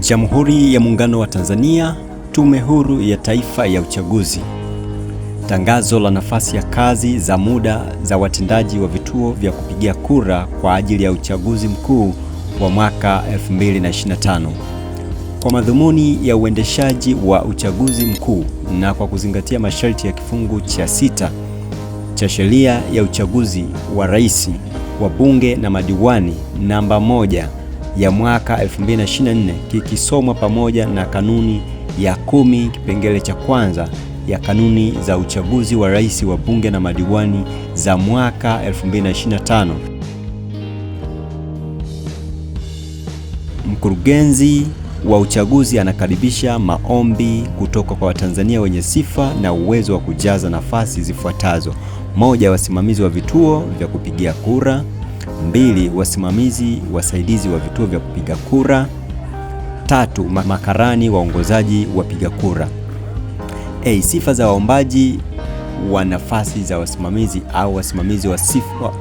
Jamhuri ya Muungano wa Tanzania, Tume Huru ya Taifa ya Uchaguzi. Tangazo la nafasi ya kazi za muda za watendaji wa vituo vya kupigia kura kwa ajili ya uchaguzi mkuu wa mwaka 2025 kwa madhumuni ya uendeshaji wa uchaguzi mkuu na kwa kuzingatia masharti ya kifungu cha sita cha sheria ya uchaguzi wa rais, bunge na madiwani namba moja ya mwaka 2024 kikisomwa pamoja na kanuni ya kumi kipengele cha kwanza ya kanuni za uchaguzi wa rais wa bunge na madiwani za mwaka 2025. Mkurugenzi wa uchaguzi anakaribisha maombi kutoka kwa Watanzania wenye sifa na uwezo wa kujaza nafasi zifuatazo: moja, wasimamizi wa vituo vya kupigia kura; mbili, wasimamizi wasaidizi wa vituo vya kupiga kura; tatu, makarani waongozaji wapiga kura. A, sifa za waombaji wa nafasi za wasimamizi au wasimamizi wa sifa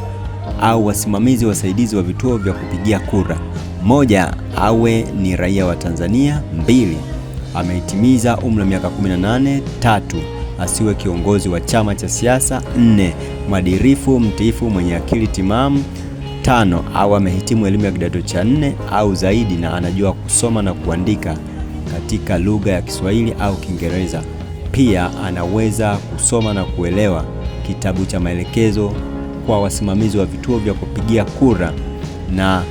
au wasimamizi wasaidizi wa vituo vya kupigia kura: moja, awe ni raia wa Tanzania; mbili, ameitimiza umri wa miaka 18; tatu, asiwe kiongozi wa chama cha siasa; nne, mwadilifu, mtiifu, mwenye akili timamu tano au amehitimu elimu ya kidato cha nne au zaidi na anajua kusoma na kuandika katika lugha ya Kiswahili au Kiingereza. Pia anaweza kusoma na kuelewa kitabu cha maelekezo kwa wasimamizi wa vituo vya kupigia kura. Na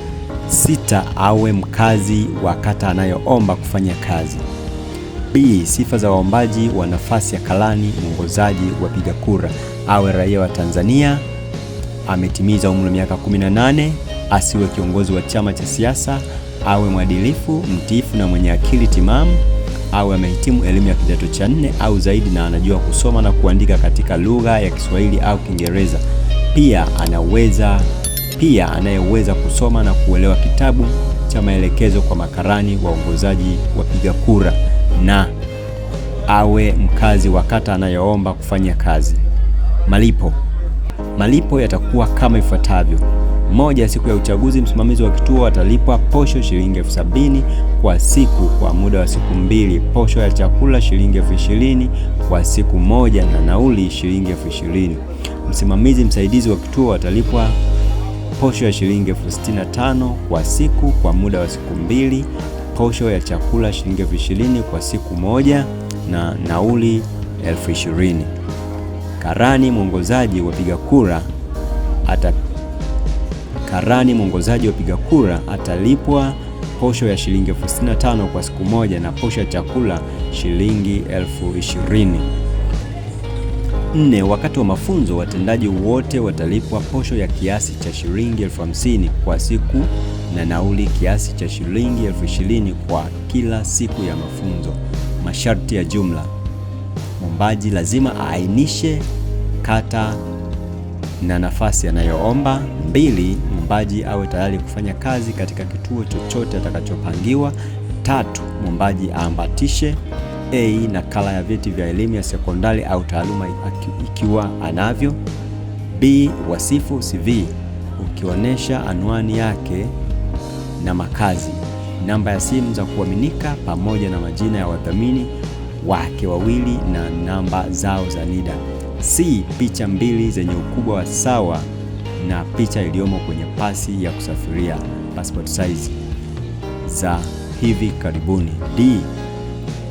sita, awe mkazi wa kata anayoomba kufanya kazi. B, sifa za waombaji wa nafasi ya kalani mwongozaji wapiga kura: awe raia wa Tanzania ametimiza umri wa miaka 18, asiwe kiongozi wa chama cha siasa, awe mwadilifu, mtiifu na mwenye akili timamu, awe amehitimu elimu ya kidato cha nne au zaidi na anajua kusoma na kuandika katika lugha ya Kiswahili au Kiingereza. Pia anaweza pia anayeweza kusoma na kuelewa kitabu cha maelekezo kwa makarani waongozaji wapiga kura na awe mkazi wa kata anayoomba kufanya kazi. Malipo Malipo yatakuwa kama ifuatavyo: moja, siku ya uchaguzi msimamizi wa kituo atalipwa posho shilingi elfu sabini kwa siku kwa muda wa siku mbili, posho ya chakula shilingi elfu ishirini kwa siku moja na nauli shilingi elfu ishirini. Msimamizi msaidizi wa kituo atalipwa posho ya shilingi elfu sitini na tano kwa siku kwa muda wa siku mbili, posho ya chakula shilingi elfu ishirini kwa siku moja na nauli elfu ishirini. Karani mwongozaji wapiga kura ata karani mwongozaji wapiga kura atalipwa posho ya shilingi elfu sitini na tano kwa siku moja na posho ya chakula shilingi elfu ishirini. Nne, wakati wa mafunzo watendaji wote watalipwa posho ya kiasi cha shilingi elfu hamsini kwa siku na nauli kiasi cha shilingi elfu ishirini kwa kila siku ya mafunzo. Masharti ya jumla mwombaji lazima aainishe kata na nafasi anayoomba. Mbili, mwombaji awe tayari kufanya kazi katika kituo chochote atakachopangiwa. Tatu, mwombaji aambatishe a nakala ya vyeti vya elimu ya sekondari au taaluma ikiwa anavyo. B, wasifu CV ukionyesha anwani yake na makazi, namba ya simu za kuaminika pamoja na majina ya wadhamini wake wawili na namba zao za NIDA. C, picha mbili zenye ukubwa wa sawa na picha iliyomo kwenye pasi ya kusafiria passport size za hivi karibuni. D,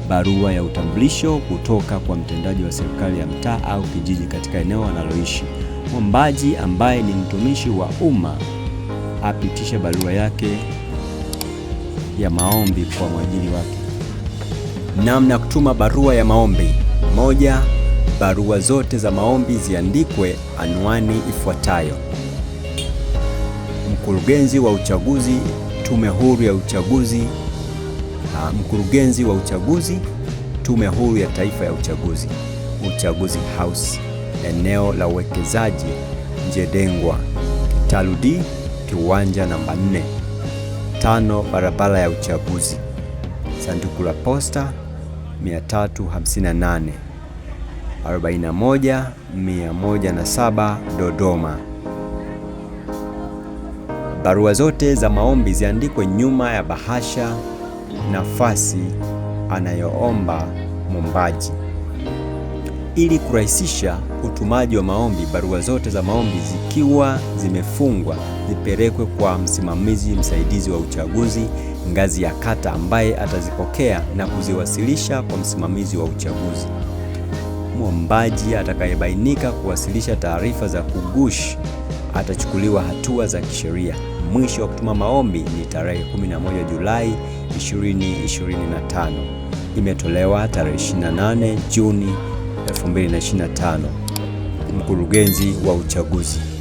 barua ya utambulisho kutoka kwa mtendaji wa serikali ya mtaa au kijiji katika eneo analoishi. Mwombaji ambaye ni mtumishi wa umma apitishe barua yake ya maombi kwa mwajiri wake namna ya kutuma barua ya maombi. Moja, barua zote za maombi ziandikwe anwani ifuatayo: mkurugenzi wa uchaguzi, Tume Huru ya Uchaguzi, ah, mkurugenzi wa uchaguzi, Tume Huru ya Taifa ya Uchaguzi, Uchaguzi House, eneo la uwekezaji Njedengwa, Kitalu D, kiwanja namba 4, tano, barabara ya uchaguzi, sanduku la posta 358 Dodoma. Barua zote za maombi ziandikwe nyuma ya bahasha nafasi anayoomba mwombaji ili kurahisisha utumaji wa maombi, barua zote za maombi zikiwa zimefungwa zipelekwe kwa msimamizi msaidizi wa uchaguzi ngazi ya kata, ambaye atazipokea na kuziwasilisha kwa msimamizi wa uchaguzi. Mwombaji atakayebainika kuwasilisha taarifa za kugush atachukuliwa hatua za kisheria. Mwisho wa kutuma maombi ni tarehe 11 Julai 2025. Imetolewa tarehe 28 Juni 2025, mkurugenzi wa uchaguzi.